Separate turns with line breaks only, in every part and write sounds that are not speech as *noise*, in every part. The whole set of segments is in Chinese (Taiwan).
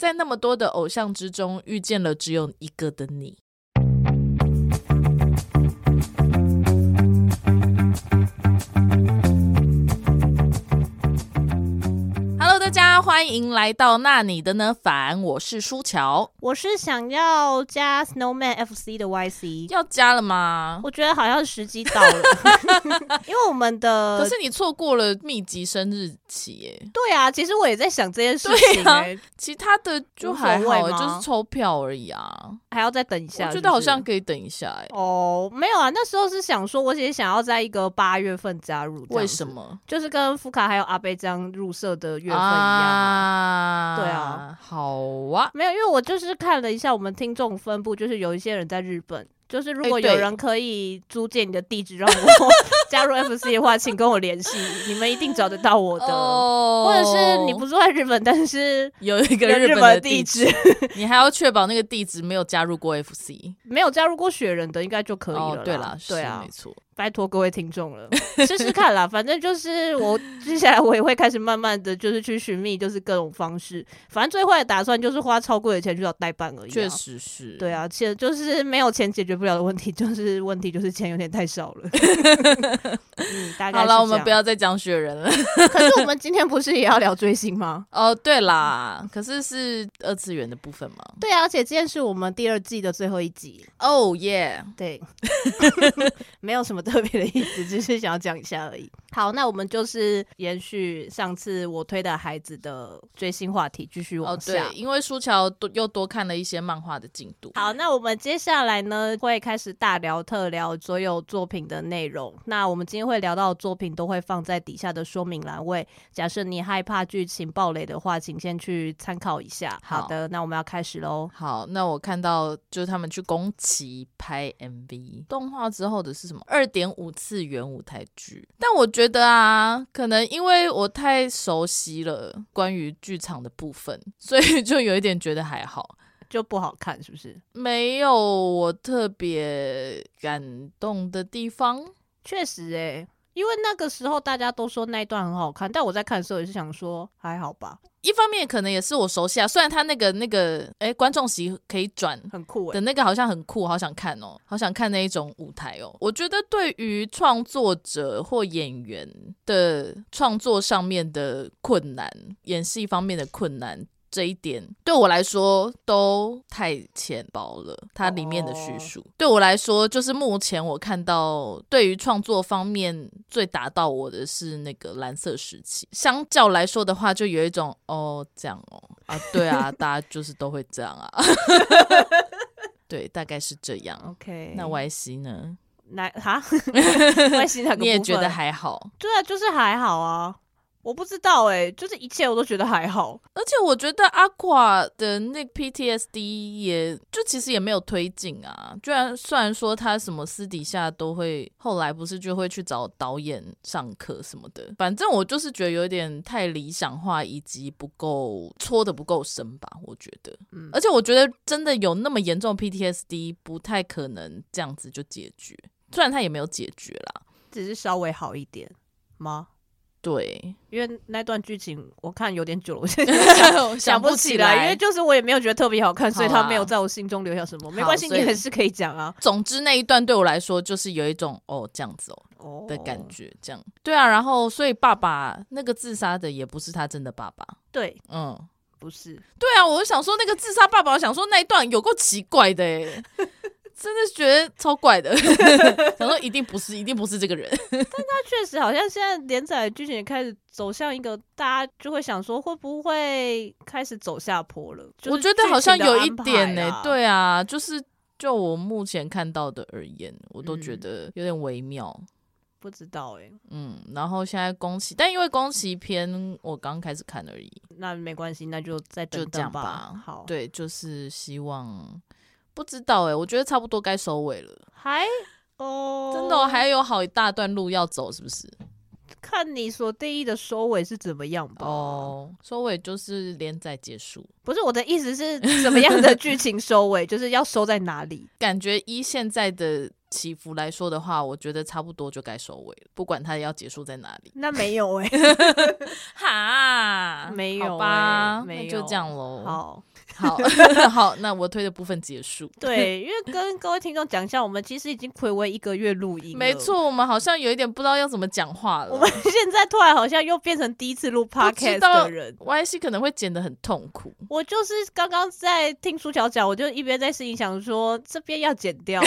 在那麼多的偶像之中，遇見了只有一個的你。 *music* Hello，大家！歡迎來到那你的呢？凡，我是書樵。我是想要加 Snowman FC 的 Y C，要加了嗎？我覺得好像時機到了， *laughs* *laughs* 因為我們的可是你錯過了密集生日期耶。對啊，其實我也在想這件事情耶、啊。其他的就還好，就是抽票而已啊，還要再等一下、就是。我覺得好像可以等一下。哦，oh, 沒有啊，那時候是想說，我姐想要在一個八月份加入。為什麼？就是跟福卡還有阿貝這樣入社的月份一樣。啊啊、uh,，對啊，好啊，沒有，因為我就是看了一下我們聽眾分布，就是有一些人在日本、欸，就是如果有人可以租借你的地址讓我 *laughs* 加入 FC 的話，請跟我聯繫， *laughs* 你們一定找得到我的，oh, 或者是你不住在日本，但是有，有一個日本的地址， *laughs* 你還要確保那個地址沒有加入過 FC， *laughs* 沒有加入過雪人的，應該就可以了啦。Oh, 對啦，對啊，沒錯。拜託各位聽眾了，試試看啦。反正就是我接下來我也會開始慢慢的就是去尋覓，就是各種方式。反正最壞的打算就是花超貴的錢去找代辦而已啊。確實是，對啊，其實就是沒有錢解決不了的問題，就是問題就是錢有點太少了。 *laughs* *laughs* 嗯，大概好了，我們不要再講雪人了。 *laughs* 可是我們今天不是也要聊追星嗎？哦，對啦，可是是二次元的部分嘛。對啊，而且今天是我們第二季的最後一集。哦耶，對， *laughs* 沒有什麼。特別的意思，只、就是想要講一下而已。好，那我們就是延續上次我推的孩子的追星話題，繼續往下、哦。對，因為書樵多又多看了一些漫畫的進度。好，那我們接下來呢，會開始大聊特聊所有作品的內容。那我們今天會聊到的作品，都會放在底下的說明欄位。假設你害怕劇情暴雷的話，請先去參考一下好。好的，那我們要開始嘍。好，那我看到就是他們去宮崎拍 MV 動畫之後的是什麼二點。演五次元舞台劇，但我覺得啊，可能因為我太熟悉了，關於劇場的部分，所以就有一點覺得還好，就不好看，是不是？沒有我特別感動的地方，確實欸。因為那個時候大家都說那一段很好看，但我在看的時候也是想說還好吧。一方面可能也是我熟悉啊，雖然他那個那個哎、欸、觀眾席可以轉，很酷的那個，好像很酷，好想看哦，好想看那一種舞台哦。我覺得對於創作者或演員的創作上面的困難，演戲方面的困難。這一點對我來說都太淺薄了，它裡面的敘述、哦、對我來說，就是目前我看到對於創作方面最打到我的是那個藍色時期。相較來說的話，就有一種哦，這樣哦，啊，對啊， *laughs* 大家就是都會這樣啊， *laughs* 對，大概是這樣。OK，那 Y C 呢？那哈，Y C， *laughs* *laughs* 你也覺得還好？對啊，就是還好啊。我不知道哎、欸，就是一切我都覺得還好，而且我覺得阿誇的那個 PTSD 也就其實也沒有推進啊。雖然雖然說他什麼私底下都會，後來不是就會去找導演上課什麼的。反正我就是覺得有點太理想化，以及不夠戳得不夠深吧。我覺得，嗯，而且我覺得真的有那麼嚴重 PTSD，不太可能這樣子就解決。雖然他也沒有解決啦，只是稍微好一點嗎？對，因為那段劇情我看有點久了，我現在想, *laughs* 想不起來。 *laughs* 因為就是我也沒有覺得特別好看好、啊，所以他沒有在我心中留下什麼。沒關係，你很也是可以講啊。總之那一段對我來說就是有一種哦這樣子哦,哦的感覺，這樣對啊。然後所以爸爸那個自殺的也不是他真的爸爸，對，嗯，不是。對啊，我想說那個自殺爸爸，我想說那一段有夠奇怪的、欸 *laughs* 真的覺得超怪的， *laughs* 想說一定不是， *laughs* 一定不是這個人。但他確實好像現在連載劇情也開始走向一個，大家就會想說，會不會開始走下坡了？就是啊、我覺得好像有一點呢、欸。對啊，就是就我目前看到的而言，我都覺得有點微妙。不知道哎，嗯。然後現在宮崎，但因為宮崎篇我剛開始看而已，那沒關係，那就再等等吧，就這樣吧。好，對，就是希望。不知道誒、欸，我覺得差不多該收尾了。還哦，oh, 真的還有好一大段路要走，是不是？看你所定義的收尾是怎麼樣吧。哦、oh，收尾就是連載結束。不是，我的意思是，怎麼樣的劇情收尾， *laughs* 就是要收在哪裡？感覺依現在的起伏來說的話，我覺得差不多就該收尾了。不管它要結束在哪裡，那沒有誒、欸， *laughs* 哈，沒有、欸、吧，沒有，那就這樣嘍。好。好 *laughs* 好，那我推的部分結束。對，因為跟各位聽眾講一下，我們其實已經睽違一個月錄音了。沒錯，我們好像有一點不知道要怎麼講話了。我們現在突然好像又變成第一次錄 podcast 的人，Y C 可能會剪得很痛苦。我就是剛剛在聽書樵講，我就一邊在心裡想說這邊要剪掉，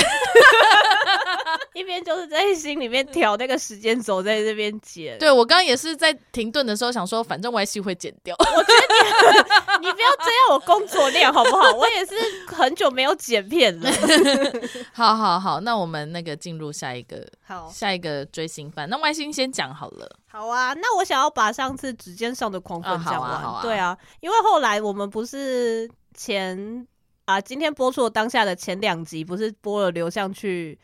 *laughs* 一邊就是在心裡面調那個時間軸，在這邊剪。對，我剛剛也是在停頓的時候想說，反正 Y C 會剪掉。我覺得你， *laughs* *laughs* 你不要這樣，我工作。我練好不好？我也是很久沒有剪片了。 *laughs* 好，好，好，那我們那個進入下一個，好，下一個追星番。那歪西先講好了。好啊，那我想要把上次指尖上的狂粉講完，啊啊啊啊。對啊，因為後來我們不是前啊，今天播出當下的前兩集，不是播了劉向去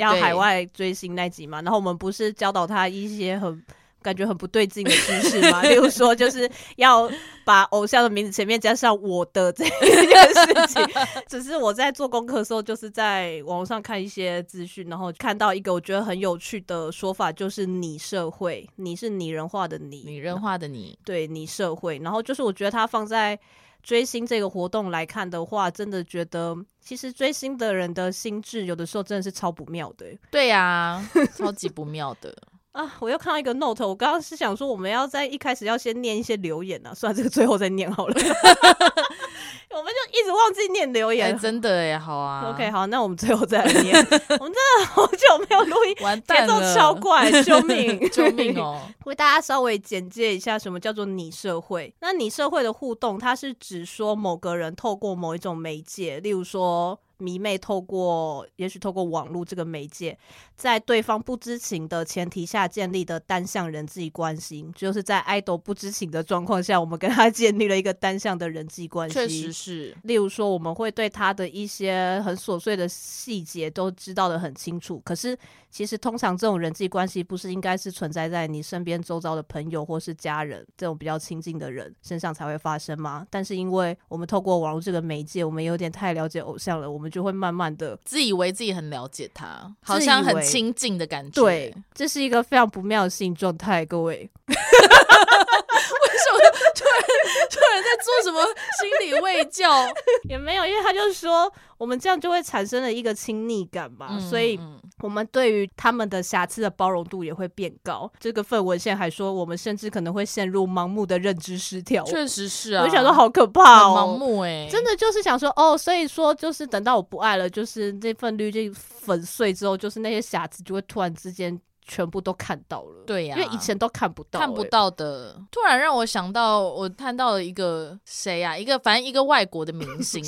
要海外追星那集嘛，欸？然後我們不是教導他一些很。感覺很不對勁的姿勢嗎？ *laughs* 例如說，就是要把偶像的名字前面加上我的這件個事情。 *laughs* 只是我在做功課的時候，就是在網上看一些資訊，然後看到一個我覺得很有趣的說法，就是擬社會，你是擬人化的你，擬人化的你，對擬社會。然後就是我覺得他放在追星這個活動來看的話，真的覺得其實追星的人的心智有的時候真的是超不妙的、欸。對呀、啊，超級不妙的。 *laughs* 啊！我又看到一個 note，我剛剛是想說我們要在一開始要先念一些留言呢？啊，算了，這個最後再念好了。 *laughs* *laughs* 我們就一直忘記念留言，欸，真的哎，好啊。OK，好，那我們最後再來念。 *laughs* 我們真的好久沒有錄音，節奏超怪，救命！救命哦！ *laughs* 為大家稍微簡介一下，什麼叫做擬社會？那擬社會的互動，它是指說某個人透過某一種媒介，例如說。迷妹透過，也許透過網絡這個媒介，在對方不知情的前提下建立的單向人際關係，就是在愛豆不知情的狀況下，我們跟他建立了一個單向的人際關係。確實是，例如說，我們會對他的一些很瑣碎的細節都知道得很清楚。可是，其實通常這種人際關係不是應該是存在在你身邊周遭的朋友或是家人這種比較親近的人身上才會發生嗎？但是，因為我們透過網絡這個媒介，我們有點太了解偶像了，我們。就會慢慢的自以為自己很了解他，好像很親近的感覺。對，這是一個非常不妙的心狀態，各位。 *laughs* *laughs* 為什麼突然突然在做什麼心理慰藉？ *laughs* 也沒有，因為他就說我們這樣就會產生了一個親昵感嘛、嗯，所以我們對於他們的瑕疵的包容度也會變高。這個份文獻還說，我們甚至可能會陷入盲目的認知失調。確實是啊，我就想說好可怕、喔，盲目哎、欸，真的就是想說哦，所以說就是等到我不愛了，就是那份濾鏡粉碎之後，就是那些瑕疵就會突然之間。全部都看到了，對呀、啊，因為以前都看不到、欸，看不到的。突然讓我想到，我看到了一個誰呀、啊？一個反正一個外國的明星，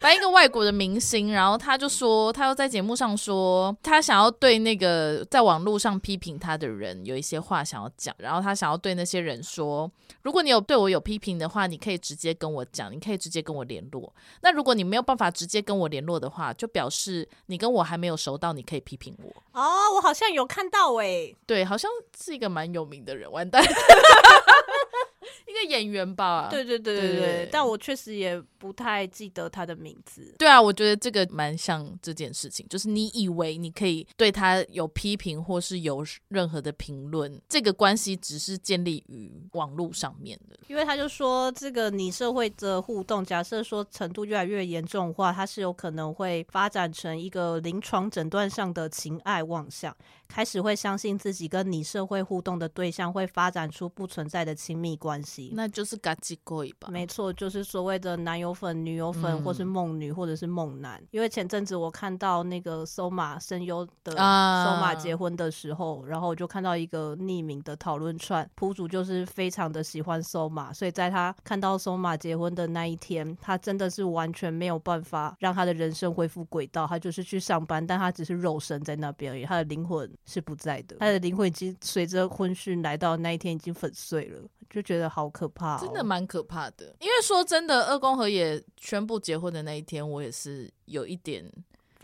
反正一個外國的明星。 *laughs* 誰啊、明星 *laughs* 然後他就說，他又在節目上說，他想要對那個在網絡上批評他的人有一些話想要講。然後他想要對那些人說，如果你有對我有批評的話，你可以直接跟我講，你可以直接跟我聯絡。那如果你沒有辦法直接跟我聯絡的話，就表示你跟我還沒有熟到你可以批評我哦。Oh, 好像有看到哎、欸，對，好像是一個蠻有名的人，完蛋。 *laughs* *laughs* *laughs* 一個演員吧，對對對對對，對對對，但我確實也不太記得他的名字。對啊，我覺得這個蠻像這件事情，就是你以為你可以對他有批評或是有任何的評論，這個關係只是建立於網絡上面的。因為他就說，這個擬社會的互動，假設說程度越來越嚴重的話，他是有可能會發展成一個臨床診斷上的情愛妄想，開始會相信自己跟你社會互動的對象會發展出不存在的親密關。關係，那就是咖嘰鬼吧，沒錯，就是所謂的男友粉、女友粉，或是夢女，或者是夢男、嗯。因為前陣子我看到那個收馬聲優的收馬結婚的時候、啊，然後我就看到一個匿名的討論串，PO 主就是非常的喜歡收馬，所以在他看到收馬結婚的那一天，他真的是完全沒有辦法讓他的人生恢復軌道。他就是去上班，但他只是肉身在那邊而已，他的靈魂是不在的。他的靈魂已經隨着婚訊來到那一天已經粉碎了，就覺得。好可怕、哦，真的蠻可怕的。因為說真的，二宮和也宣布結婚的那一天，我也是有一點，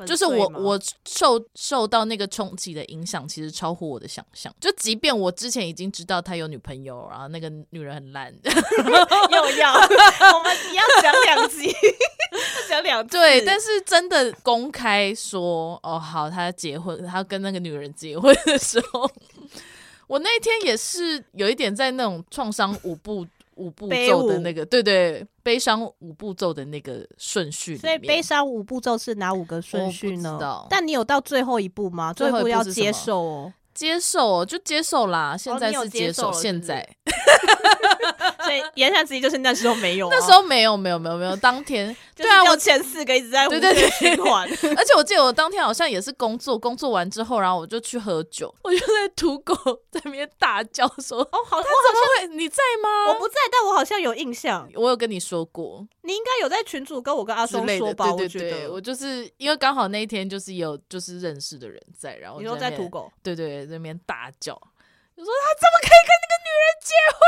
就是我我
受受到那個衝擊的影響，其實超乎我的想象。就即便我之前已經知道他有女朋友，然後那個女人很爛， *laughs* 又要 *laughs* 我們要講兩集，講 *laughs* 兩 *laughs* 對，但是真的公開說哦，好，他結婚，他跟那個女人結婚的時候。 *laughs* 我那天也是有一點在那種創傷五步五步驟的那個， *laughs* 對，對對，悲傷五步驟的那個順序。所以悲傷五步驟是哪五個順序呢？但你有到最後一步嗎？最後一步要接受哦。接受就接受啦，現在是接受。哦、接受現在，是是 *laughs* *laughs* 所以言下之意就是那時候沒有、啊，那時候沒有，沒有，沒有，沒有。當天對啊，我 *laughs* 前四個一直在對對對，對 *laughs* 而且我記得我當天好像也是工作，工作完之後，然後我就去喝酒，我就在土狗在那邊大叫說：“哦，好像我怎麼會，我好像你在嗎？我不在，但我好像有印象，我有跟你說過，你應該有在群組跟我跟阿松說吧？對，對對對，我，我就是因為剛好那一天就是有就是認識的人在，然後在你說在土狗，對對，對。”在那邊大叫，你說他怎麼可以跟那個女人結婚？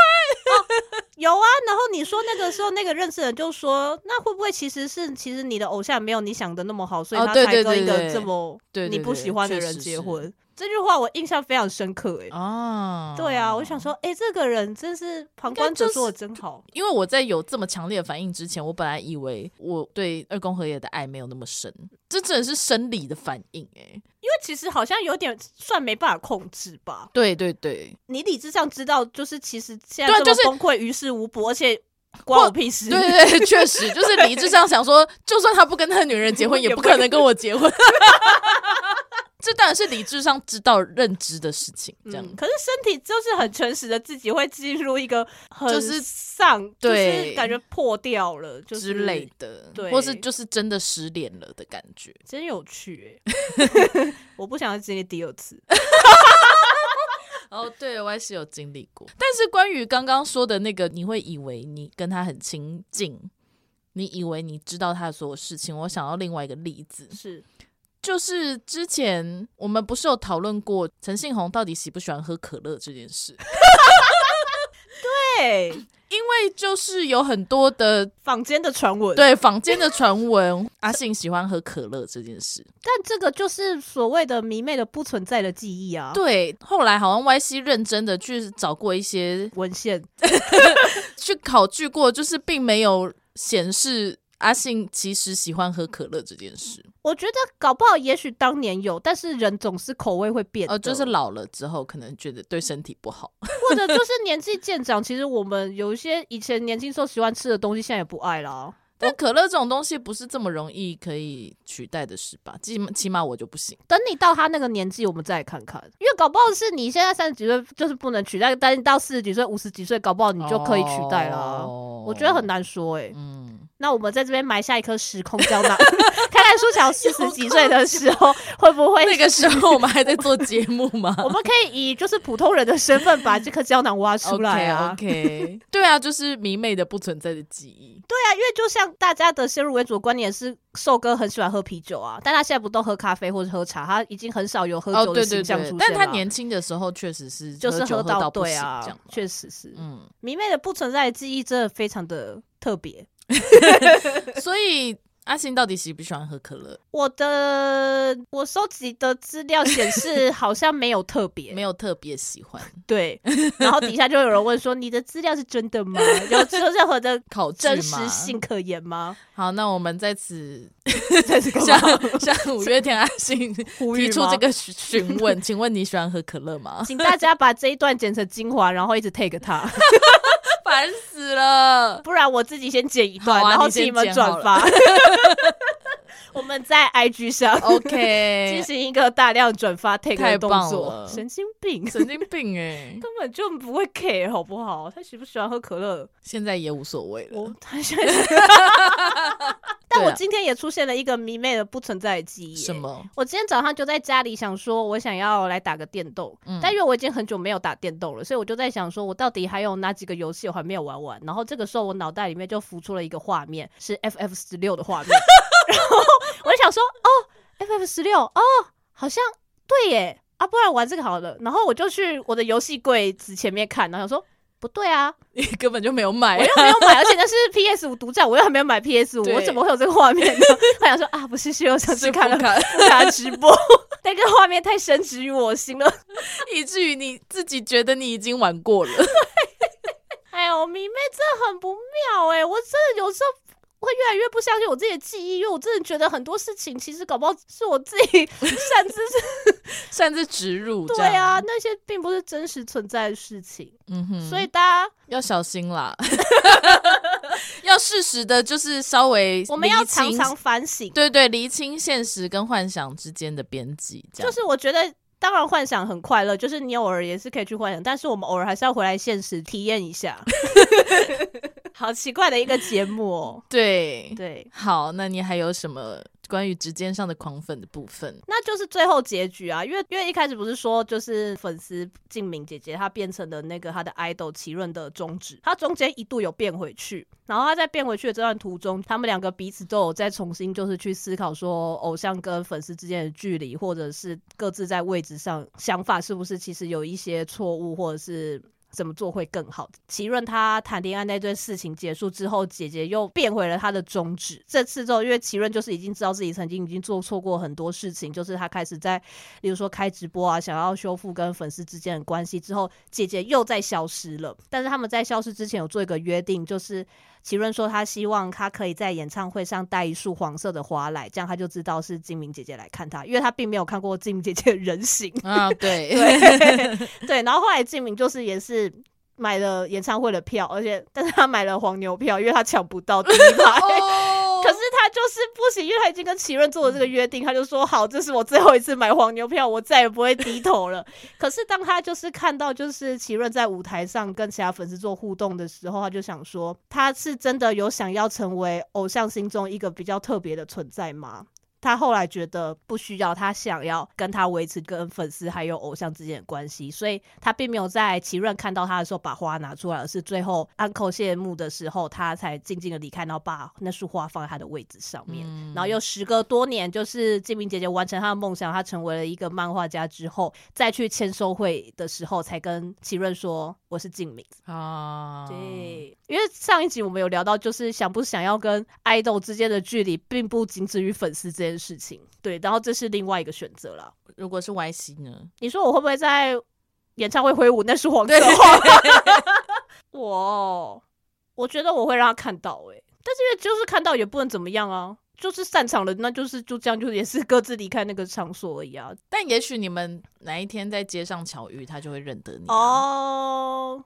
哦、 *laughs* 有啊，然後你說那個時候那個認識的人就說，那會不會其實是其實你的偶像沒有你想的那麼好、哦，所以他才跟一個這麼你不喜歡的人結婚？哦對對對對對對對對這句話我印象非常深刻，哎，哦，對啊，我想說，哎，這個人真是旁觀者說的真好，因為我在有這麼強烈的反應之前，我本來以為我對二宮和也的愛沒有那麼深，這真的是生理的反應，哎，因為其實好像有點算沒辦法控制吧，對對對，你理智上知道，就是其實現在這麼崩潰於事無補，而且關我屁事，對對、對，確實就是理智上想說，就算他不跟他女人結婚，也不可能跟我結婚。 *laughs* *laughs* 這當然是理智上知道，認知的事情，這樣，嗯。可是身體就是很誠實的，自己會進入一個很喪就是上，就是感覺破掉了，就是之類的，對，或是就是真的失戀了的感覺。真有趣，欸， *laughs* 我不想要經歷第二次。哦 *laughs* *laughs* ，oh, 對，我也是有經歷過。 *laughs* 但是關於剛剛說的那個，你會以為你跟他很親近，你以為你知道他的所有事情。我想要另外一個例子，是。就是之前我們不是有討論過陳信宏到底喜不喜歡喝可樂這件事？ *laughs* 對，因為就是有很多的坊間的傳聞，對坊間的傳聞， *laughs* 阿信喜歡喝可樂這件事。但這個就是所謂的迷妹的不存在的記憶啊。對，後來好像 YC 認真的去找過一些文獻， *laughs* 去考據過，就是並沒有顯示。阿信其實喜歡喝可樂這件事，我覺得搞不好，也許當年有，但是人總是口味會變，呃、哦，就是老了之後可能覺得對身體不好，或者就是年紀漸長， *laughs* 其實我們有一些以前年輕時候喜歡吃的東西，現在也不愛了。但可樂這種東西不是這麼容易可以取代的事吧？起碼起碼我就不行。等你到他那個年紀，我們再來看看，因為搞不好是你現在三十幾歲就是不能取代，但是到四十幾歲、五十幾歲，搞不好你就可以取代了。Oh, 我覺得很難說、欸，誒。嗯。那我們在這邊埋下一顆時空膠囊 *laughs* *laughs* 看來書樵四十幾歲的時候會不會 *laughs* 那個時候我們還在做節目嗎？ *laughs* 我們可以以就是普通人的身份把這顆膠囊挖出來啊！OK，, okay. *laughs* 對啊，就是迷妹的不存在的記憶。對啊，因為就像大家的先入為主的觀念是瘦哥很喜歡喝啤酒啊，但他現在不都喝咖啡或者喝茶，他已經很少有喝酒的形象出現、oh, 對對對但他年輕的時候確實是就是喝到啊對啊，確實是嗯，迷妹的不存在的記憶真的非常的特別。 *laughs* *laughs* 所以阿信到底喜不喜歡喝可樂？我的我收集的資料顯示，好像沒有特別，沒有特別喜歡。對，然後底下就會有人問說：“ *laughs* 你的資料是真的嗎？有有任何的考證真實性可言嗎，嗎？”好，那我們在此在此向向五月天阿信 *laughs* 提出這個詢問， *laughs* 請問你喜歡喝可樂嗎？請大家把這一段剪成精華，然後一直 take 他。 *laughs* 煩 *laughs* 死了！不然我自己先剪一段，啊、然後替你們轉發。 *laughs* 我們在 IG 上 OK 進 *laughs* 行一個大量轉發 take 的動作。神經病，神經病哎、欸，根本就不會 care 好不好？他喜不喜歡喝可樂，現在也無所謂了。我 *laughs* *laughs* *laughs* *laughs* 但我今天也出現了一個迷妹的不存在的記憶、欸。什麼？我今天早上就在家裡想說，我想要來打個電動、嗯，但因為我已經很久沒有打電動了，所以我就在想，說我到底還有哪幾個遊戲我還沒有玩完？然後這個時候，我腦袋裡面就浮出了一個畫面，是 FF 十六的畫面。 *laughs* *laughs* 然後我就想說，哦，F F 十六，FF16, 哦，好像對耶，啊，不然玩這個好了。然後我就去我的遊戲櫃子前面看，然後想說不對啊，你根本就沒有買、啊，我又沒有買，而且那是 P S 五獨占， *laughs* 我又還沒有買 P S 五，我怎麼會有這個畫面呢？ *laughs* 我想說啊，不是，是我想去看看，看直播， *laughs* 但這個畫面太深植於我心了，以至於你自己覺得你已經玩過了。 *laughs* 哎呦，迷妹這很不妙誒，我真的有時候。我會越來越不相信我自己的記憶，因為我真的覺得很多事情其實搞不好是我自己擅自是 *laughs* 擅自植入。對啊，那些並不是真實存在的事情。嗯哼，所以大家要小心啦， *laughs* *laughs* 要適時的，就是稍微我們要常常反省。 *laughs* 對，對對，釐清現實跟幻想之間的邊界這樣。就是我覺得，當然幻想很快樂，就是你偶爾也是可以去幻想，但是我們偶爾還是要回來現實體驗一下。 *laughs* 好奇怪的一個節目哦、喔， *laughs* 對對，好，那你還有什麼關於指尖上的狂粉的部分？那就是最後結局啊，因為因為一開始不是說就是粉絲靜敏姐姐她變成了那個她的 idol 奇潤的中指，她中間一度有變回去，然後她在變回去的這段途中，他們兩個彼此都有在重新就是去思考說偶像跟粉絲之間的距離，或者是各自在位置上想法是不是其實有一些錯誤，或者是。怎麼做會更好？奇潤他談戀愛那段事情結束之後，姐姐又變回了他的宗旨。這次之後，因為奇潤就是已經知道自己曾經已經做錯過很多事情，就是他開始在，比如說開直播啊，想要修復跟粉絲之間的關係。之後，姐姐又再消失了。但是他們在消失之前有做一個約定，就是。奇潤說他希望他可以在演唱會上帶一束黃色的花來，這樣他就知道是靜明姐姐來看他，因為他並沒有看過靜明姐姐的人形。啊，對 *laughs* 對對。然後後來靜明就是也是買了演唱會的票，而且但是他買了黃牛票，因為他搶不到第一排、 *laughs* 哦他就是不行，因為他已經跟奇潤做了這個約定，他就說好，這是我最後一次買黃牛票，我再也不會低頭了。 *laughs* 可是當他就是看到就是奇潤在舞台上跟其他粉絲做互動的時候，他就想說，他是真的有想要成為偶像心中一個比較特別的存在嗎？他後來覺得不需要，他想要跟他維持跟粉絲還有偶像之間的關係，所以他並沒有在齊潤看到他的時候把花拿出來，而是最後安可謝幕的時候，他才靜靜的離開，然後把那束花放在他的位置上面。然後又時隔多年，就是靜明姐姐完成她的夢想，她成為了一個漫畫家之後，再去簽售會的時候，才跟齊潤說：“我是靜明。”啊，對，因為上一集我們有聊到，就是想不想要跟愛豆之間的距離，並不僅止於粉絲這件事情，對，然後這是另外一個選擇了。如果是 Y C 呢？你說我會不會在演唱會揮舞那束黃玫瑰？對對對對 *laughs* 我，我覺得我會讓他看到、欸，哎，但是因為就是看到也不能怎麼樣啊，就是散場了，那就是就這樣，就也是各自離開那個場所而已啊。但也許你們哪一天在街上巧遇，他就會認得你哦、啊。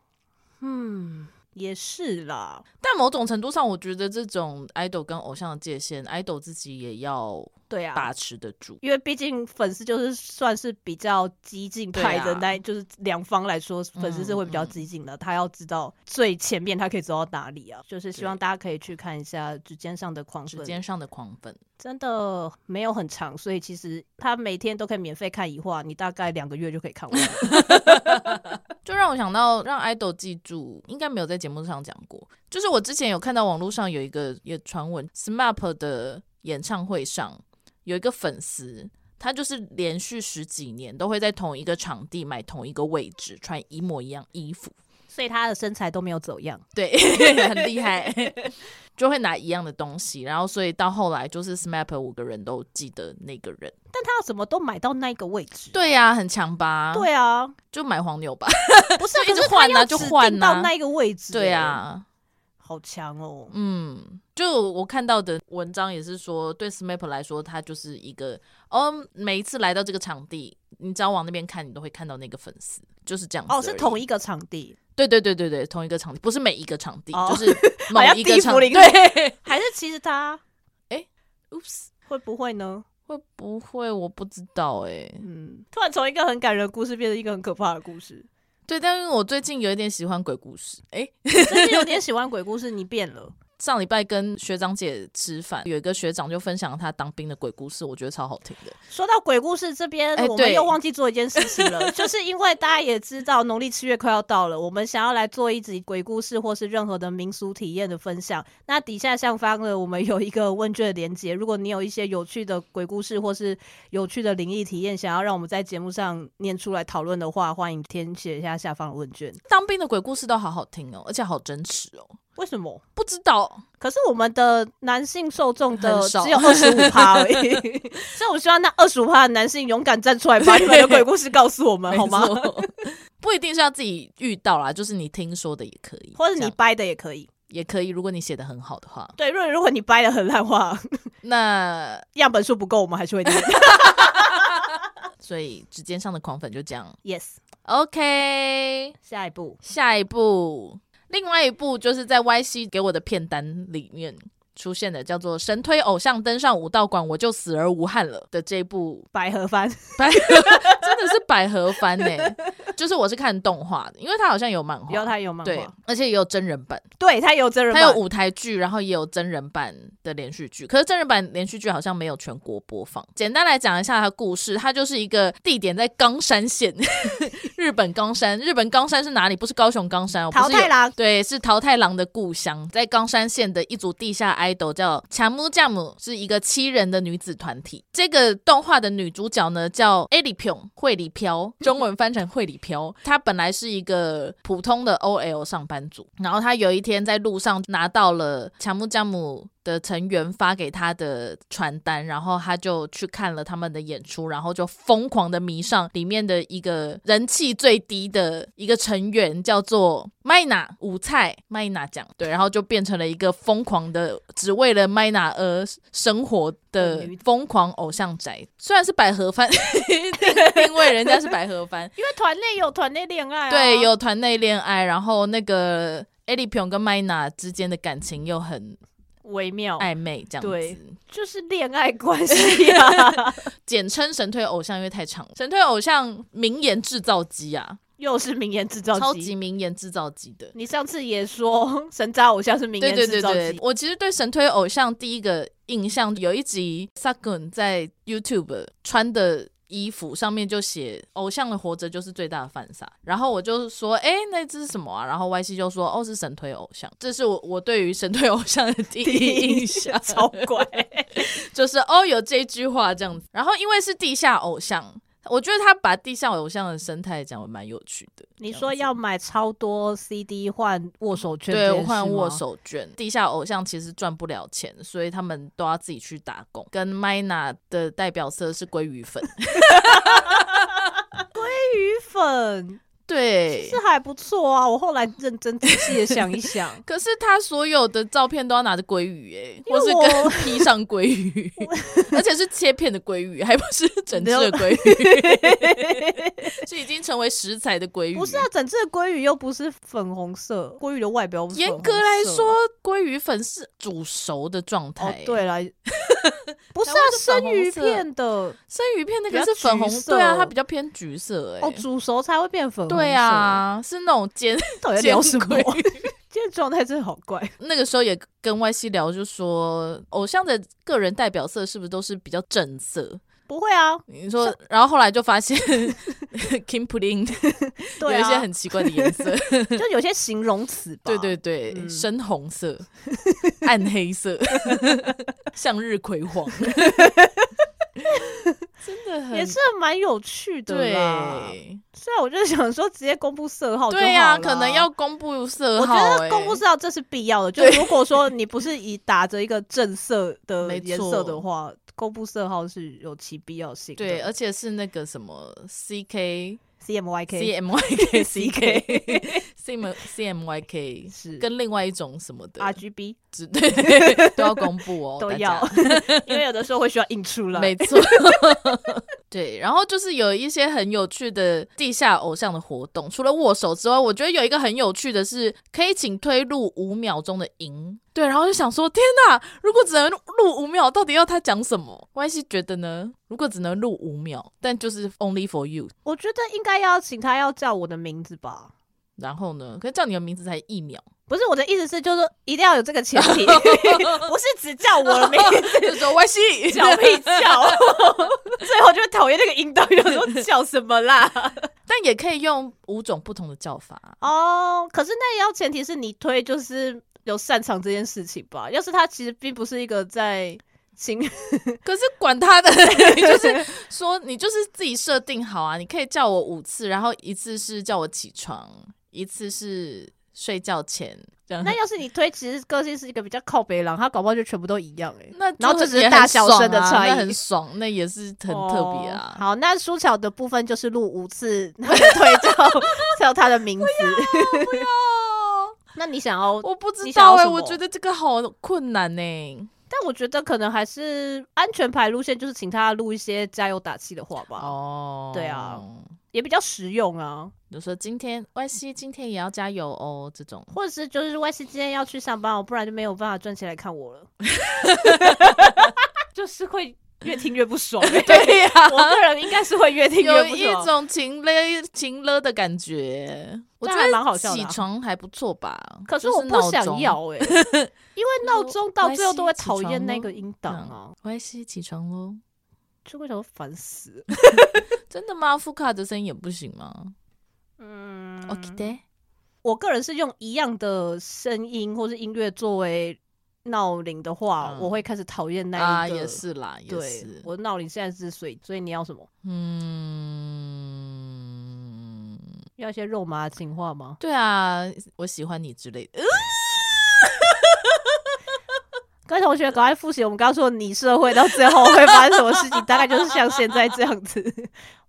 嗯、oh. hmm.。也是啦，但某種程度上，我覺得這種 idol 跟偶像的界限，idol 自己也要對啊把持得住、啊，因為畢竟粉絲就是算是比較激進派的那，那、啊、就是兩方來說，粉絲是會比較激進的、嗯。他要知道最前面他可以走到哪裡啊，就是希望大家可以去看一下指尖上的狂粉，指尖上的狂粉真的沒有很長，所以其實他每天都可以免費看一話，你大概兩個月就可以看完。 *laughs* 就讓我想到，讓 idol 記住，應該沒有在節目上講過。就是我之前有看到網絡上有一個也傳聞，SMAP 的演唱會上有一個粉絲，他就是連續十幾年都會在同一個場地買同一個位置，穿一模一樣衣服。所以他的身材都沒有走樣，對， *laughs* *laughs* 很厲害，就會拿一樣的東西，然後所以到後來就是 SMAP 五個人都記得那個人，但他要怎麼都買到那個位置？對呀、啊，很強吧？對啊，就買黃牛吧， *laughs* 不是，就是換啊，就換到那一個位置， *laughs* 對啊，好強哦。嗯，就我看到的文章也是說，對 SMAP 來說，他就是一個，哦，每一次來到這個場地，你只要往那邊看，你都會看到那個粉絲，就是這樣。哦，是同一個場地。對對對對對，同一個場地不是每一個場地，oh, 就是某一個場地。 *laughs* 對， *laughs* 還是其實他，哎，Oops，會不會呢？會不會？我不知道哎、欸。嗯，突然從一個很感人的故事變成一個很可怕的故事。對，但是我最近有一點喜歡鬼故事，哎、欸， *laughs* 最近有點喜歡鬼故事，你變了。上禮拜跟學長姐吃飯，有一個學長就分享了他當兵的鬼故事，我覺得超好聽的。說到鬼故事這邊、欸，我們又忘記做一件事情了， *laughs* 就是因為大家也知道農曆七月快要到了，我們想要來做一集鬼故事或是任何的民俗體驗的分享。那底下下方呢，我們有一個問卷的連結，如果你有一些有趣的鬼故事或是有趣的靈異體驗，想要讓我們在節目上念出來討論的話，歡迎填寫一下下方的問卷。當兵的鬼故事都好好聽哦、喔，而且好真實哦、喔。為什麼不知道？可是我們的男性受眾的只有二十五趴而已。 *laughs* 所以我希望那二十五趴的男性勇敢站出來，把你們的鬼故事告訴我們好嗎？ *laughs* 不一定是要自己遇到啦，就是你聽說的也可以，或者你掰的也可以，也可以。如果你寫的很好的話，對，如果如果你掰得很爛的很爛話，那樣本數不夠，我們還是會聽。 *laughs* *laughs* 所以指尖上的狂粉就這樣。Yes，OK，、okay, 下一步，下一步。另外一部就是在 Y C 給我的片單裡面出現的，叫做《神推偶像登上武道館，我就死而無憾了》的這一部百合番，百合真的是百合番呢、欸。 *laughs* 就是我是看動畫的，因為它好像有漫畫，有它有漫畫，而且也有真人版。對，它有真人版，它有舞台劇，然後也有真人版的連續劇。可是真人版連續劇好像沒有全國播放。簡單來講一下它的故事，它就是一個地點在岡山縣。 *laughs* 日本岡山，日本岡山是哪裡？不是高雄岡山，桃太郎我不是對，是桃太郎的故鄉，在岡山縣的一組地下 idol 叫強木匠母，是一個七人的女子團體。這個動畫的女主角呢，叫會里飄，中文翻成會里飄， *laughs* 她本來是一個普通的 OL 上班族，然後她有一天在路上拿到了強木匠母。的成員發給他的傳單，然後他就去看了他們的演出，然後就瘋狂的迷上裡面的一個人氣最低的一個成員，叫做麥娜舞菜麥娜醬對，然後就變成了一個瘋狂的只為了麥娜而生活的瘋狂偶像宅。雖然是百合番， *laughs* *laughs* 因為人家是百合番，因為團內有團內戀愛、啊，對，有團內戀愛，然後那個艾利平跟麥娜之間的感情又很。微妙曖昧這樣子，對，就是戀愛關係啊， *laughs* 簡稱神推偶像，因為太長了。神推偶像名言製造機啊，又是名言製造機，超級名言製造機的。你上次也說神渣偶像是名言製造機。對對對對對，我其實對神推偶像第一個印象，有一集 Sakun 在 YouTube 穿的。衣服上面就寫“偶像的活着就是最大的飯撒”，然後我就說：“哎、欸，那這是什麼啊？”然後歪西就說：“哦，是神推偶像，這是我我對於神推偶像的第一印象，超怪 *laughs* 就是哦，有這句話這樣子，然後因為是地下偶像。我覺得他把地下偶像的生態講的蠻有趣的，你說要買超多 CD 換握手券，對，換握手券。地下偶像其實賺不了錢，所以他們都要自己去打工。跟 MINA 的代表色是鮭魚粉，鮭 *laughs* *laughs* *laughs* 魚粉。對，是還不錯啊！我後來認真仔細的想一想， *laughs* 可是他所有的照片都要拿着鮭魚欸，哎，我是披上鮭魚，而且是切片的鮭魚，還不是整隻的鮭魚， *laughs* 是已經成為食材的鮭魚。不是啊，整隻的鮭魚又不是粉紅色，鮭魚的外表嚴格來說，鮭魚粉是煮熟的狀態，欸哦。對，來 *laughs* 不是啊是，生魚片的生魚片那個是粉紅色。對啊，它比較偏橘色哎，欸，哦，煮熟，才會變粉紅，對啊，是那種煎煎什麼，今天狀態真的好怪。那個時候也跟歪西聊就就說偶像的個人代表色是不是都是比較正色？不會啊！你說，然後後來就發現 k i m p u t i n g 有一些很奇怪的顏色， *laughs* 就有些形容詞。對對對，嗯、深紅色、 *laughs* 暗黑色、 *laughs* *laughs* 向日葵黃， *laughs* *laughs* 真的也是蠻有趣的。對，所以我就想說，直接公布色號。對呀、啊，可能要公布色號。我覺得公布色號這是必要的。就如果說你不是以打着一個正色的顏色的話。公布色號是有其必要性的，對，而且是那個什麼 C K C M Y K C M Y K C *laughs* K C M C M Y K 是跟另外一種什麼的 R G B 只對 *laughs* 都要公布哦、喔，都要， *laughs* 因為有的時候會需要印出來，沒錯， *laughs* 對，然後就是有一些很有趣的地下偶像的活動，除了握手之外，我覺得有一個很有趣的是可以請推入五秒鐘的銀。對，然後就想說，天哪！如果只能錄五秒，到底要他講什麼？Y C 覺得呢？如果只能錄五秒，但就是 only for you，我覺得應該要請他要叫我的名字吧。然後呢？可是叫你的名字才一秒，不是，我的意思是，就是說一定要有這個前提， *laughs* *laughs* 不是只叫我的名字， *laughs* 就是說 Y C 叫屁叫， *laughs* *laughs* 最後就會討厭那個音調又說叫什麼啦。 *laughs* 但也可以用五種不同的叫法哦。Oh, 可是那也要前提是你推就是。有擅長這件事情吧？要是他其實並不是一個在行。 *laughs* 可是管他的， *laughs* 就是說你就是自己設定好啊，你可以叫我五次，然後一次是叫我起床，一次是睡覺前，這樣。那要是你推，其實個性是一個比較靠北狼，他搞不好就全部都一樣，欸、那然後就是大小聲的差異， *laughs* 那很爽，那也是很特別啊。Oh. 好，那書樵的部分就是錄五次， *laughs* 然後推叫 *laughs* 叫他的名字。要不要？不要。那你想要？我不知道欸。你想要什麼？哎，我覺得這個好困難呢欸。但我覺得可能還是安全牌路線，就是請他錄一些加油打氣的話吧。哦，對啊，也比較實用啊。比如說今天 Y C 今天也要加油哦，這種。或者是就是 Y C 今天要去上班哦，不然就沒有辦法賺錢來看我了。 *laughs* *laughs* *laughs* 就是會。越聽越不爽，對呀、 *laughs* 啊，我個人應該是會越聽越不爽， *laughs* 有一種情勒情勒的感覺，我覺得蠻好笑、啊、起床還不錯吧？可是，是我不想要、欸、 *laughs* 因為鬧鐘到最後都會討厭那個音檔啊。歪西起床嘍，這會讓我煩死。真的嗎？副卡的聲音也不行嗎？嗯，OK 的。我個人是用一樣的聲音或是音樂作為。鬧鈴的話、嗯，我會開始討厭那一個、啊。也是啦，對，也是。我鬧鈴現在是水，所以你要什麼？嗯，要一些肉麻情話嗎？對啊，我喜歡你之類的。啊同學，趕快複習！我們剛剛說你社會到最後會發生什麼事情， *laughs* 大概就是像現在這樣子，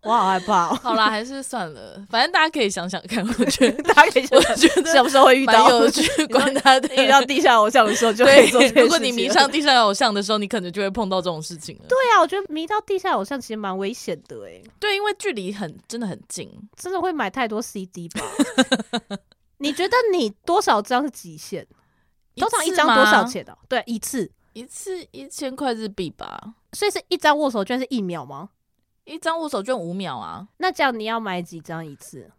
我好害怕。好啦，還是算了，反正大家可以想想看。我覺得， *laughs* 大家可以想想看我覺得什麼時候會遇到？有趣，觀 *laughs* 察遇到地下偶像的時候就可以，就會做。如果你迷上地下偶像的時候，你可能就會碰到這種事情了。對啊，我覺得迷到地下偶像其實蠻危險的哎、欸。對，因為距離很真的很近，真的會買太多 CD 吧？ *laughs* 你覺得你多少張是極限？通常一張多少錢的、啊？對，一次一次一千塊日幣吧。所以是一張握手券是一秒嗎？一張握手券五秒啊。那這樣你要買幾張一次？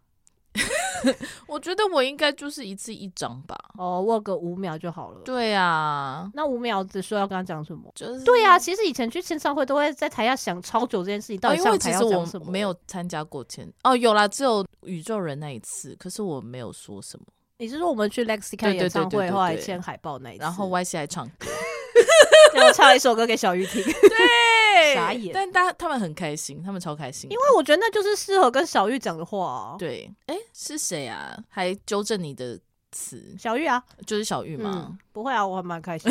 *laughs* 我覺得我應該就是一次一張吧。哦，握個五秒就好了。對啊。那五秒只需要跟他講什麼？就是對啊。其實以前去簽唱會都會在台下想超久這件事情，到上台要講什麼？哦、沒有參加過簽哦，有啦。只有宇宙人那一次，可是我沒有說什麼。你是說我們去 Lexi 開演唱會，對對對對對對對，後還簽海報那一次，然後 YC 還唱歌，然 *laughs* 後唱一首歌給小玉聽， *laughs* 對， *laughs* 傻眼，但大家他們很開心，他們超開心，因為我覺得那就是適合跟小玉講的話哦，對，哎，是誰啊？還糾正你的？小玉啊，就是小玉嗎？嗯、不會啊，我還蠻開心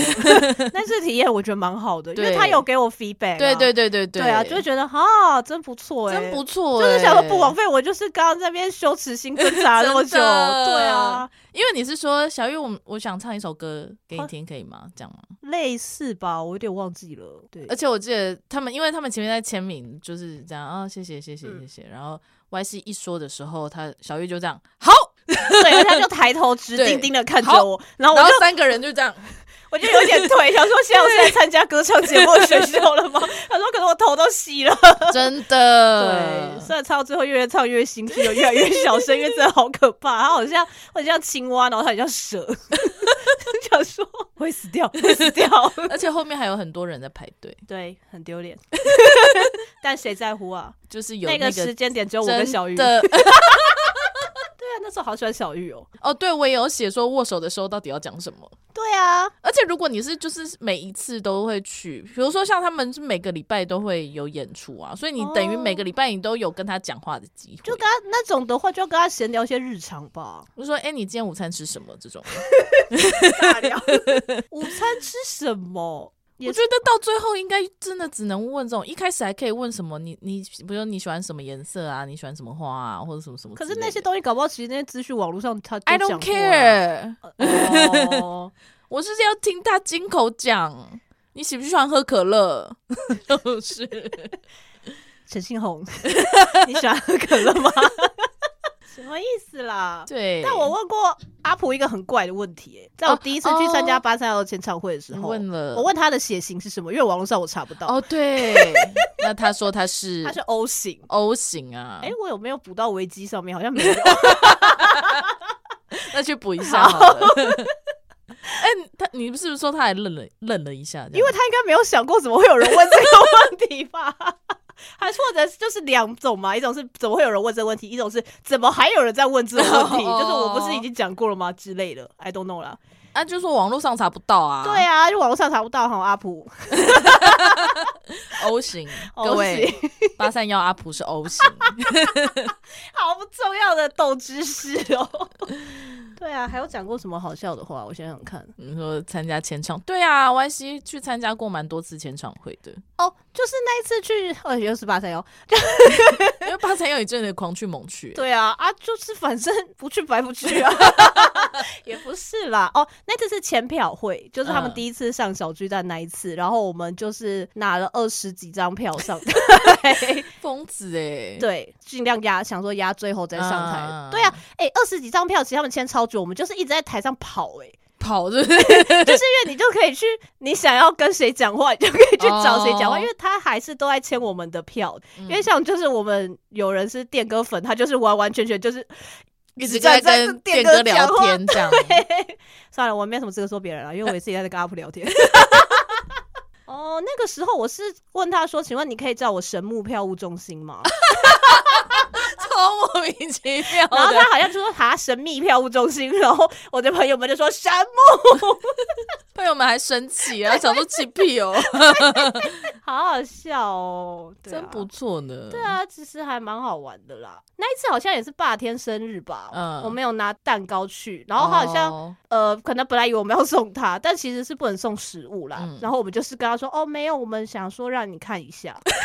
的。那 *laughs* 次體驗我覺得蠻好的， *laughs* 因為他有給我 feedback、啊。對,對對對對對。對啊，就覺得哈，真不錯哎、欸，真不錯、欸。就是想說不枉費我就是剛剛在那邊羞恥心掙扎那麼久。 *laughs* 對啊，因為你是說小玉，我我想唱一首歌給你聽、啊，可以嗎？這樣嗎？類似吧，我有點忘記了。對，而且我記得他們，因為他們前面在簽名，就是這樣啊，謝謝謝謝、嗯、謝謝。然後 Y C 一說的時候，他小玉就這樣，好。然後他就抬頭直盯盯的看着我，然後我然後三個人就這樣，我就有點腿。想說：現在我在參加歌唱節目的學校了嗎？他說：可能我頭都洗了，真的。對，雖然唱到最後越唱越心虛了越來越小聲，因為真的好可怕。他好像，就像青蛙，然後他很像蛇， *laughs* 想說會死掉，會死掉。 *laughs* 而且後面還有很多人在排隊，對，很丟臉。 *laughs* 但誰在乎啊？就是有那個,那個時間點只有我跟小魚。 *laughs* 那時候好喜歡小玉哦、喔、哦，對，我也有寫說握手的時候到底要講什麼？對啊，而且如果你是就是每一次都會去，比如說像他們是每個禮拜都會有演出啊，所以你等於每個禮拜你都有跟他講話的機會，就跟他那種的話，就跟他閒聊一些日常吧，就說哎、欸，你今天午餐吃什麼？這種 *laughs* 大聊 *laughs* 午餐吃什麼？我覺得到最後應該真的只能問這種，一開始還可以問什麼？你你比如說你喜歡什麼顏色啊？你喜歡什麼花啊？或者什麼什麼？可是那些東西搞不好，其實那些資訊網絡上他、啊、，I don't care。 *laughs* Oh. 我是要聽他親口講。你喜不喜歡喝可樂？ *laughs* 就是陳 *laughs* 信宏， *laughs* 你喜歡喝可樂嗎？ *laughs*
什麼意思啦？對，但我問
過阿普一個很怪的問題，欸，哎，在我第一次去參加八三夭演唱會的時候，哦哦，問了我問他的血型是什麼，因為網絡上我查不到。哦，對， *laughs* 那他說他是他是 O 型，O 型啊。哎、欸，我有沒有補到維基上面？好像沒有。 *laughs* *laughs* *laughs* 那去補一下好了。哎， *laughs* 欸，他你是不是說他還愣了愣了一下？因為他應該沒有想過怎麼會有人問這個問題吧。 *laughs* 還是或者就是兩種嘛，一種是怎麼會有人問這個問題，一種是怎麼還有人在問這個問題，oh. 就是我不是已經講過了嗎？之類的，I don't know 啦。啊，就說網絡上查不到啊。對啊，就網絡上查不到哈。阿、啊、普 *laughs* *laughs* ，O 型，O 型，八三幺，阿、 *laughs* 啊、普是 O 型， *laughs* 好不重要的豆知識哦。 *laughs* 對啊，還有講過什麼好笑的話？我想想看，你說參加簽唱對啊，歪西去參加過蠻多次簽唱會的哦。Oh. 就是那一次去，呃、欸，又是八三夭，因為八三夭也真的狂去猛去，欸。對啊，啊，就是反正不去白不去啊， *laughs* 也不是啦。哦，那次是簽票會，就是他們第一次上小巨蛋那一次，嗯，然後我們就是拿了二十幾張票上台。瘋 *laughs* 子哎，欸，對，盡量壓，想說壓最後再上台。嗯，對啊，哎，欸，二十幾張票，其實他們簽超久，我們就是一直在台上跑哎，欸。就是，就是因為你就可以去，你想要跟誰講話，你就可以去找誰講話，因為他還是都在簽我們的票。因為像就是我們有人是電哥粉，他就是完完全全就是
一直在跟電哥聊天
這樣。 *laughs* 算了，我沒有什麼資格說別人了、啊，因為我自己也在跟阿普聊天。 *laughs* *laughs* *laughs* 哦，那個時候我是問他說：“請問你可以叫我神木票務中心嗎？” *laughs* 超莫名其妙，然後他好像就說“他神秘票務中心”，然後我的朋友們就說“神木 *laughs* ”，朋友們還生氣啊， *laughs* 想說起“氣屁哦 *laughs* ”，好好笑哦，啊、真不錯呢。對啊，其實還蠻好玩的啦。那一次好像也是霸天生日吧，嗯、我沒有拿蛋糕去，然後他好像、哦、呃，可能本來以為我們要送他，但其實是不能送食物啦、嗯。然後我們就是跟他說：“哦，沒有，我們想說讓你看一下。 *laughs* ”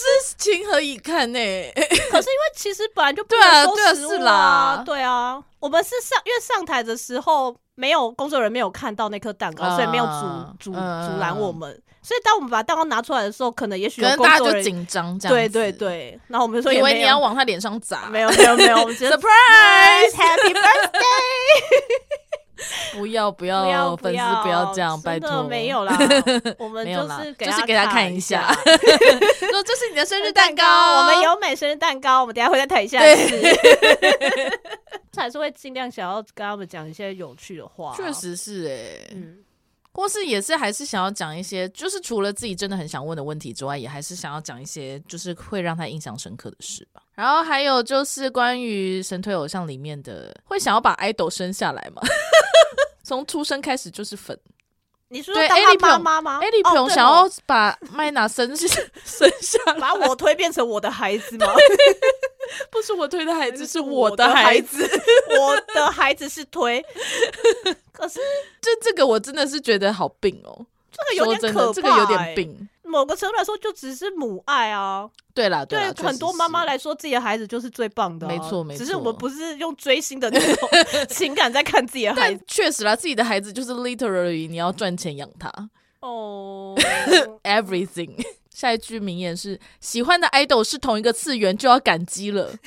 是情何以堪呢，欸？ *laughs* 可是因為其實本來就不能收食物啦，對啊，對啊，是啦。對啊，我們是上，因為上台的時候沒有工作人員，沒有看到那顆蛋糕，uh, 所以沒有阻阻阻攔我們。所以當我們把蛋糕拿出來的時候，可能也許可能大家就緊張這樣。對對對，然後我們就說以為你要往他臉上砸，沒有沒有沒有 *laughs* ，surprise，happy birthday。 *laughs* 不要不要，不要不要，粉絲不要這樣，拜託。沒有啦，我們就是給他看一下， *laughs* 就是、一下 *laughs* *laughs* 說這是你的生日蛋糕、哦蛋糕，我們有買生日蛋糕，我們等一下會在台下吃。 *laughs* *laughs* 還是會盡量想要跟他們講一些有趣的話，確實是哎、欸，嗯。或是也是還是想要講一些，就是除了自己真的很想問的問題之外，也還是想要講一些，就是會讓他印象深刻的事吧。嗯、然後還有就是關於神推偶像裡面的，會想要把愛豆生下來嗎？從 *laughs* 出生開始就是粉。你說艾麗巴媽媽，艾麗友想要把麥娜生、哦、生下來， *laughs* 把我推變成我的孩子嗎？ *laughs* 不是我推的孩子，是我的孩子。我的孩子， *laughs* 我的孩子是推。 *laughs* 可是，這這個我真的是覺得好病哦，這個有點可怕，欸，這個有點病。某個程度來說，就只是母愛啊。對啦，對啦，很多媽媽來說，自己的孩子就是最棒的，啊，沒錯，沒錯。只是我們不是用追星的那種情感在看自己的孩子。確 *laughs* 實啦，自己的孩子就是 literally 你要賺錢養他哦，oh. *laughs* ，everything。下一句名言是：喜歡的 idol 是同一個次元，就要感激了。 *laughs*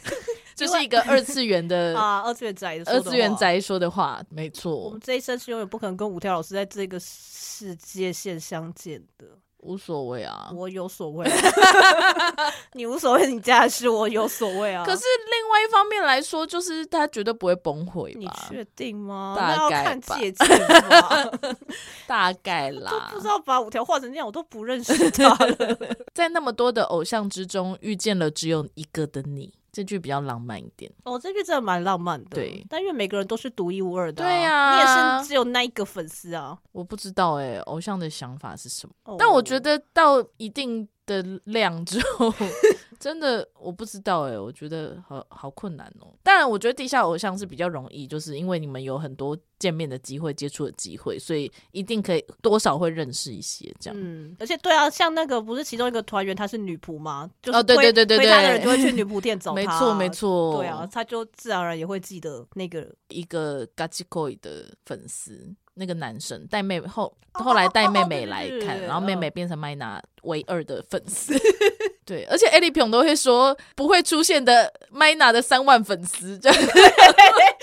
這、就是一個二次元的啊，二次元宅說的，二次元宅說的話，沒錯。我們這一生是永遠不可能跟五條老師在這個世界線相見的，無所謂啊，我有所謂，啊， *laughs* *laughs* 你無所謂，你家是我有所謂啊。 *laughs* 可是另外一方面來說，就是他絕對不會崩潰，你確定嗎？大概，看姐姐，大概 *laughs* 大概啦，就不知道把五條畫成這樣，我都不認識他了。 *laughs* 在那麼多的偶像之中，遇見了只有一個的你。這句比較浪漫一點。哦，這句真的蠻浪漫的。對，但願每個人都是獨一無二的啊。對啊。你也是只有那一個粉絲啊。我不知道哎，欸，偶像的想法是什麼？哦，但我覺得到一定。的量之後 *laughs* 真的我不知道哎、欸， *laughs* 我覺得好好困難哦、喔。當然，我覺得地下偶像是比較容易，就是因為你們有很多見面的機會、接觸的機會，所以一定可以多少會認識一些這樣。嗯，而且對啊，像那個不是其中一個團員，她是女僕嗎？就是、哦，對對對對對，她的人就會去女僕店走 *laughs* 沒錯沒錯，對啊，她就自然而然也會記得那個一個 Gachikoi 的粉絲。那個男生帶妹,妹後，後來帶妹妹來看、啊，然後妹妹變成麥娜唯二的粉絲、啊啊。對，而且艾利平都會說不會出現的麥娜的三萬粉絲，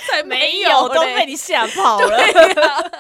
才 *laughs* *laughs* 沒有,沒有都被你嚇跑了。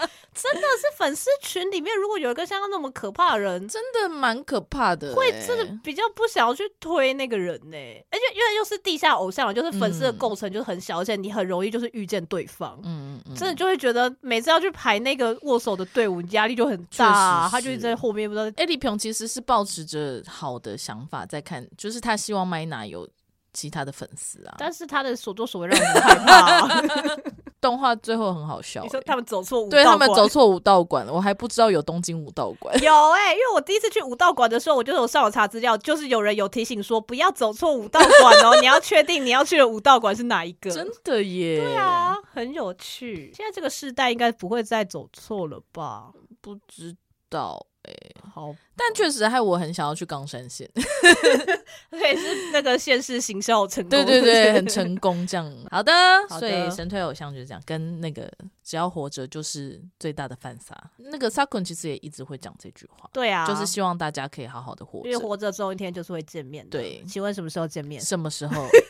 *laughs* 真的是粉絲群裡面，如果有一個像他那麼可怕的人， *laughs* 真的蠻可怕的、欸。會真的比較不想要去推那個人呢、欸，而、欸、且因為又是地下偶像，就是粉絲的構成就是很小、嗯，而且你很容易就是遇見對方。嗯，嗯，真的就會覺得每次要去排那個握手的隊伍，壓力就很大。他就一直在後面不知道、欸。艾利平其實是抱持着好的想法在看，就是他希望麥娜有其他的粉絲啊，但是他的所作所為讓人害怕。 *laughs* 動畫最後很好笑、欸。你說他們走錯武道館？對，他們走錯武道館了，我還不知道有東京武道館。有哎、欸，因為我第一次去武道館的時候，我就有上網查資料，就是有人有提醒說不要走錯武道館哦、喔， *laughs* 你要確定你要去的武道館是哪一個。真的耶。對啊，很有趣。現在這個時代應該不會再走錯了吧？不知道。好，但確實害我很想要去岡山縣，對，以是那個縣市行銷成功，對對對，很成功這樣。好的，好的，所以神推偶像就是這樣，跟那個只要活着就是最大的飯撒，那個薩坤其實也一直會講這句話，對啊，就是希望大家可以好好的活著，因為活着總有一天就是會見面的。對，請問什麼時候見面？什麼時候？ *laughs* *laughs*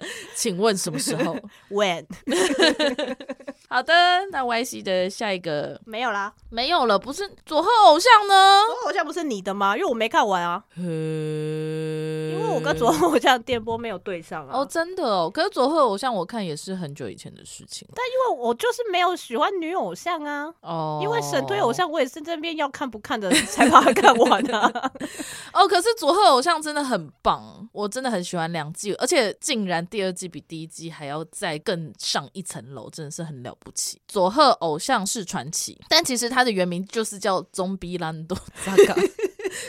*laughs* 請問什麼時候 *laughs* ？When？ *laughs* 好的，那 Y C 的下一個沒有啦，沒有了。不是佐賀偶像呢？佐賀偶像不是你的嗎？因為我沒看完啊。因為我跟佐賀偶像電波沒有對上啊。哦，真的哦，可是佐賀偶像我看也是很久以前的事情，但因為我就是沒有喜歡女偶像啊。哦，因為神推偶像我也是在這邊要看不看的才把它看完啊。 *laughs* *laughs* 哦，可是佐賀偶像真的很棒，我真的很喜歡兩季，而且竟然，第二季比第一季還要再更上一層樓，真的是很了不起。佐賀偶像是傳奇，但其實他的原名就是叫 Zombie Land Saga，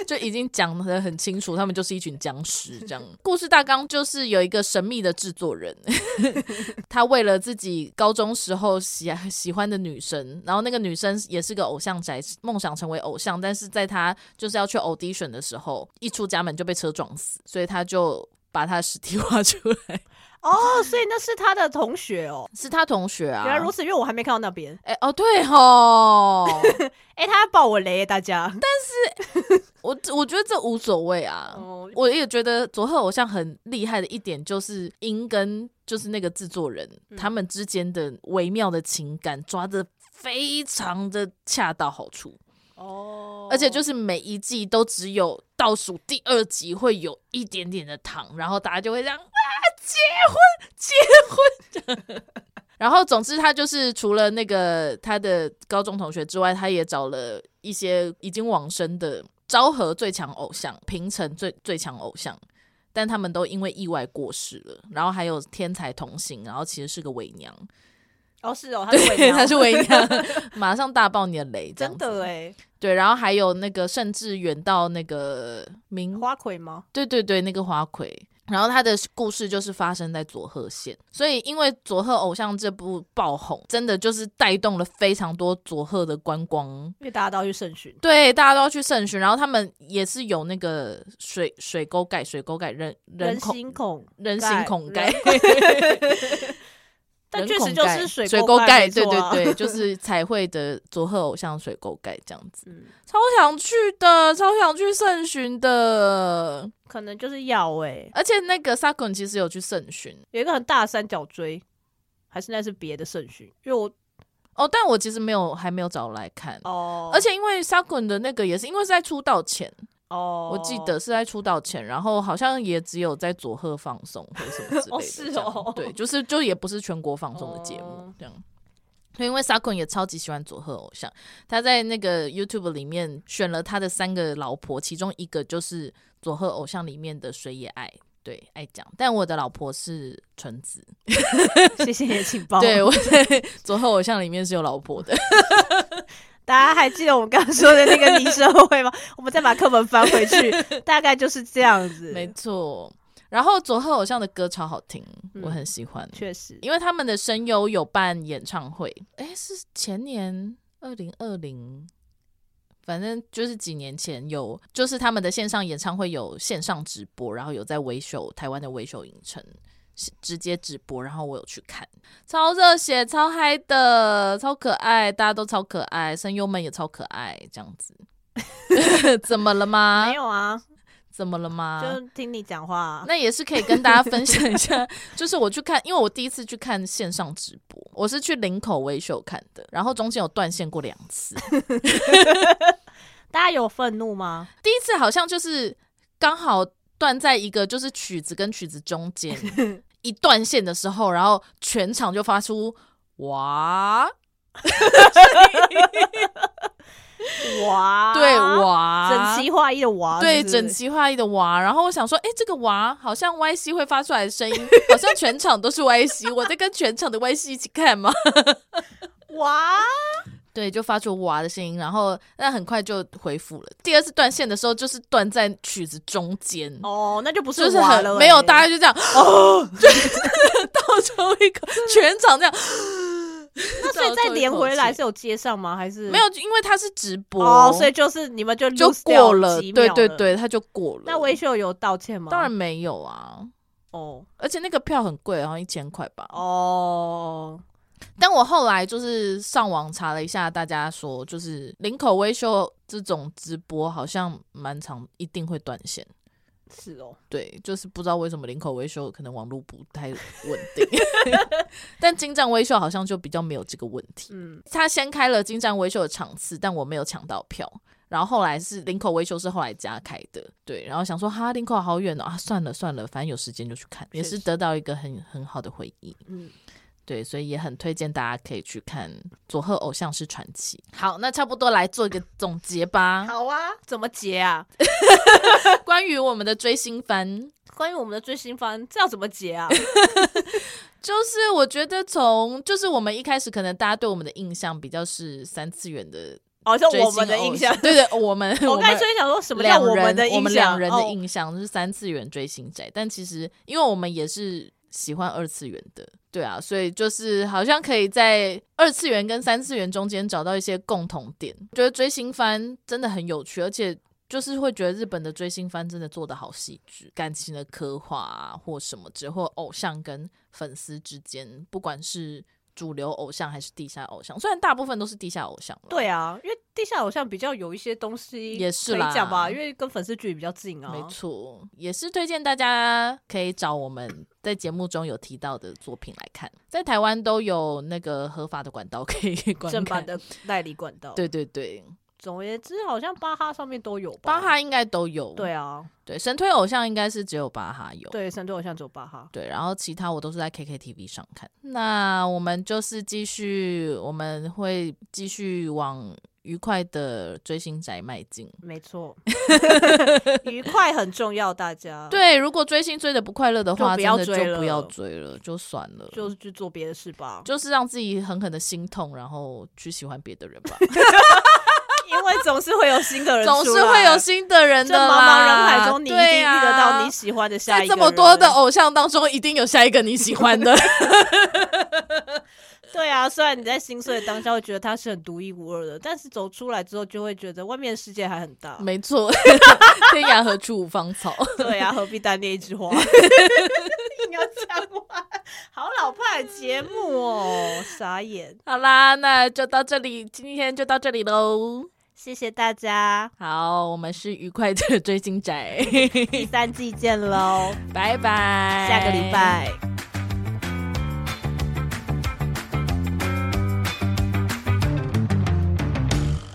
就已經講得很清楚，他們就是一群僵屍這樣。故事大綱就是有一個神秘的制作人， *laughs* 他為了自己高中時候喜喜歡的女生，然後那個女生也是個偶像宅，夢想成為偶像，但是在他就是要去 audition 的時候，一出家門就被車撞死，所以他就。把他的實體畫出來哦、oh,，所以那是他的同學哦、喔， *laughs* 是他同學啊，原來如此，因為我還沒看到那邊。哎、欸，哦，對吼，哎、 *laughs* 欸，他要爆我雷，大家， *laughs* 但是我我覺得這無所謂啊。Oh. 我也覺得佐賀偶像很厲害的一點，就是音跟就是那個製作人、嗯、他們之間的微妙的情感抓得非常的恰到好處哦，oh. 而且就是每一季都只有。倒數第二集會有一點點的糖，然後大家就會這樣啊，結婚結婚這樣。然後總之他就是除了那個他的高中同學之外，他也找了一些已經往生的昭和最強偶像，平成最最強偶像，但他們都因為意外過世了。然後還有天才同行，然後其實是個偽娘。哦，是哦，他是偽娘，他是偽娘， *laughs* 馬上大爆你的雷，真的哎，對，然後還有那個甚至遠到那個名花魁嗎？對對對，那個花魁，然後他的故事就是發生在佐賀縣，所以因為佐賀偶像這部爆紅，真的就是帶動了非常多佐賀的觀光，因為大家都要去盛巡，對，大家都要去盛巡，然後他們也是有那個水水溝蓋、水溝蓋人人心孔、人心孔蓋。 *laughs* 但確實就是水溝蓋，啊，對對對， *laughs* 就是彩繪的佐賀偶像水溝蓋這樣子。嗯，超想去的，超想去聖巡的，可能就是要誒、欸、而且那個薩坤其實有去聖巡，有一個很大的三角錐，還是那是別的聖巡，因為我哦，但我其實沒有，還沒有找來看哦。而且因為薩坤的那個也是因為是在出道前。哦、oh.，我記得是在出道前，然後好像也只有在佐賀放送或什麼之類的，oh, 是哦，對，就是就也不是全國放送的節目這樣。Oh. 因為薩坤也超級喜歡佐賀偶像，他在那個 YouTube 裡面選了他的三個老婆，其中一個就是佐賀偶像裡面的水野愛，對，愛講。但我的老婆是純子， *laughs* 謝謝也請包。對，我在佐賀偶像裡面是有老婆的。 *laughs* 大家還記得我們剛剛說的那個擬生會嗎？ *laughs* 我們再把課本翻回去， *laughs* 大概就是這樣子。沒錯，然後佐賀偶像的歌超好聽，嗯，我很喜歡。確實，因為他們的聲優有辦演唱會，哎，是前年二零二零，2020, 反正就是幾年前有，就是他們的線上演唱會有線上直播，然後有在威秀台灣的威秀影城。直接直播，然後我有去看，超熱血，超嗨的，超可愛，大家都超可愛，聲優們也超可愛，這樣子。 *laughs* 怎麼了嗎？沒有啊，怎麼了嗎？就聽你講話、啊。那也是可以跟大家分享一下， *laughs* 就是我去看，因為我第一次去看線上直播，我是去林口微秀看的，然後中間有斷線過兩次。 *laughs* *laughs* 大家有憤怒嗎？第一次好像就是剛好斷在一個就是曲子跟曲子中間。 *laughs* 一斷線的時候，然後全場就發出“哇 *laughs* *laughs* 哇」對哇哇是是，對哇」，整齊劃一的哇，對整齊劃一的哇。然後我想說，哎、欸，這個哇好像 Y C 會發出來的聲音，好像全場都是 Y C， *laughs* 我在跟全場的 Y C 一起看嘛， *laughs* 哇！對，就發出哇的聲音，然後但很快就恢復了。第二次斷線的時候，就是斷在曲子中間哦，那就不是哇了，欸就是，很了，沒有大概就這樣哦，對 *laughs* 到倒抽一口， *laughs* 全場這樣。那所以再連回來是有接上嗎？還是沒有？因為他是直播，哦，所以就是你們就就過了，對對對，他就過了。那威秀有道歉嗎？當然沒有啊。哦，而且那個票很貴，好像一千塊吧。哦。但我後來就是上網查了一下，大家說就是林口威秀這種直播好像蠻長，一定會斷線。是哦，對，就是不知道為什麼林口威秀可能網路不太穩定。 *laughs* 但京站威秀好像就比較沒有這個問題。嗯，他先開了京站威秀的場次，但我沒有搶到票。然後後來是林口威秀是後來加開的，對。然後想說哈，林口好遠哦，啊、算了算了，反正有時間就去看，謝謝也是得到一個很很好的回憶。嗯。對，所以也很推薦大家可以去看《佐賀偶像是傳奇》。好，那差不多來做一個總結吧。好啊，怎麼結啊？ *laughs* 關於我們的追星番，關於我們的追星番，這要怎麼結啊？ *laughs* 就是我覺得從，就是我們一開始可能大家對我們的印象比較是三次元的，好、哦、像我們的印象，對對，對，我們 *laughs* *laughs* 我們剛才想說什麼叫兩人，我們的印象，我們兩人的印象是三次元追星宅、哦，但其實因為我們也是。喜歡二次元的，對啊，所以就是好像可以在二次元跟三次元中間找到一些共同點。我覺得追星番真的很有趣，而且就是會覺得日本的追星番真的做得好細緻，感情的刻畫啊，或什麼之，或偶像跟粉絲之間，不管是。主流偶像還是地下偶像，雖然大部分都是地下偶像。對啊，因為地下偶像比較有一些東西講，也是可以講吧，因為跟粉絲距離比較近啊。沒錯，也是推薦大家可以找我們在節目中有提到的作品來看，在台灣都有那個合法的管道可以觀看，正版的代理管道。對對對。總而言之，好像巴哈上面都有吧？巴哈應該都有。對啊，對，神推偶像應該是只有巴哈有。對，神推偶像只有巴哈。對，然後其他我都是在 KKTV 上看。那我們就是繼續，我們會繼續往愉快的追星宅邁進。沒錯， *laughs* *laughs* 愉快很重要，大家。對，如果追星追得不快樂的話就不要追了，真的就不要追了，就算了，就是去做別的事吧。就是讓自己狠狠的心痛，然後去喜歡別的人吧。 *laughs* *laughs* 因為總是會有新的人，總是會有新的人的啦。茫茫人海中，你一定遇得到你喜歡的下一個。對啊，在這麼多的偶像當中，一定有下一個你喜歡的。 *laughs* *laughs* *laughs* 對啊，雖然你在心碎的當下會覺得他是很獨一無二的，但是走出來之後，就會覺得外面的世界還很大。沒錯， *laughs* *laughs* 天涯何處無芳草？ *laughs* 對啊，何必單戀一枝花？硬 *laughs* *laughs* 要加花，好老派的節目哦， *laughs* 傻眼。好啦，那就到這裡，今天就到這裡嘍。謝謝大家，好，我們是愉快的追星宅， *laughs* 第三季見嘍，拜 *laughs* 拜，下個禮拜。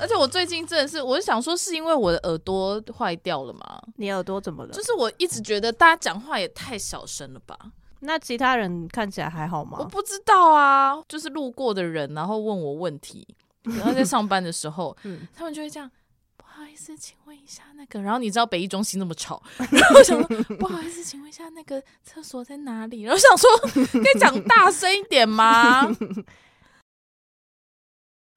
而且我最近真的是，我想說，是因為我的耳朵壞掉了嗎？你耳朵怎麼了？就是我一直覺得大家講話也太小聲了吧？那其他人看起來還好嗎？我不知道啊，就是路過的人，然後問我問題。然後在上班的時候，嗯、他們就會這樣，不好意思，請問一下那個。然後你知道北一中心那麼吵，然後我想說，不好意思，請問一下那個廁所在哪裡？然後我想說，可以講大聲一點嗎？ *laughs*